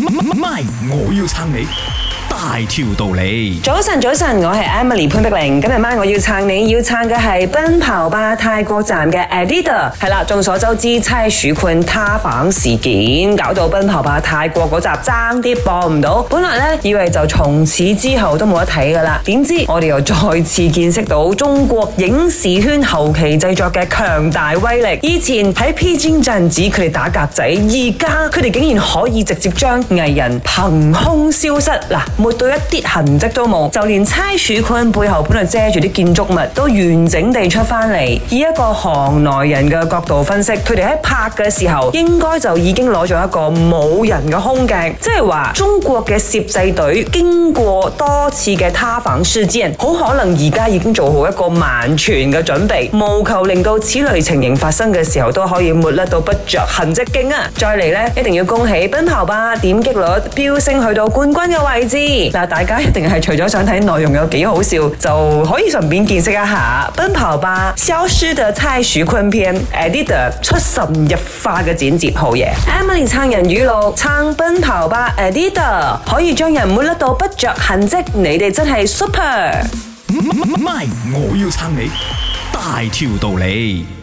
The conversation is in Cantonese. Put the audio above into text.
MY，我要撐你。大條道理。早晨，早晨，我係 Emily 潘碧玲。今日晚我要撐你，要撐嘅係《奔跑吧》泰國站嘅 Editor。係啦，眾所周知，蔡徐坤塌房事件搞到《奔跑吧》泰國嗰集爭啲播唔到。本來呢以為就從此之後都冇得睇㗎喇。點知我哋又再次見識到中國影視圈後期製作嘅強大威力。以前喺 P G 陣子佢哋打格仔，而家佢哋竟然可以直接將藝人憑空消失。啊到一啲痕迹都冇，就連蔡徐坤背後本來遮住啲建築物都完整地出翻嚟。以一個行內人嘅角度分析，佢哋喺拍嘅時候應該就已經攞咗一個冇人嘅空鏡，即係話中國嘅攝製隊經過多次嘅塌房事件，好可能而家已經做好一個萬全嘅準備，務求令到此類情形發生嘅時候都可以抹甩到不着痕迹勁啊！再嚟呢，一定要恭喜奔跑吧點擊率飆升去到冠軍嘅位置。大家一定係除咗想睇內容有幾好笑，就可以順便見識一下《奔跑吧》消失的蔡徐坤篇 Editor 出神入化嘅剪接好嘢。Emily 撐人語錄撐《奔跑吧》，Editor 可以將人冇甩到不着痕跡，你哋真係 super。MY，我要撐你，大條道理。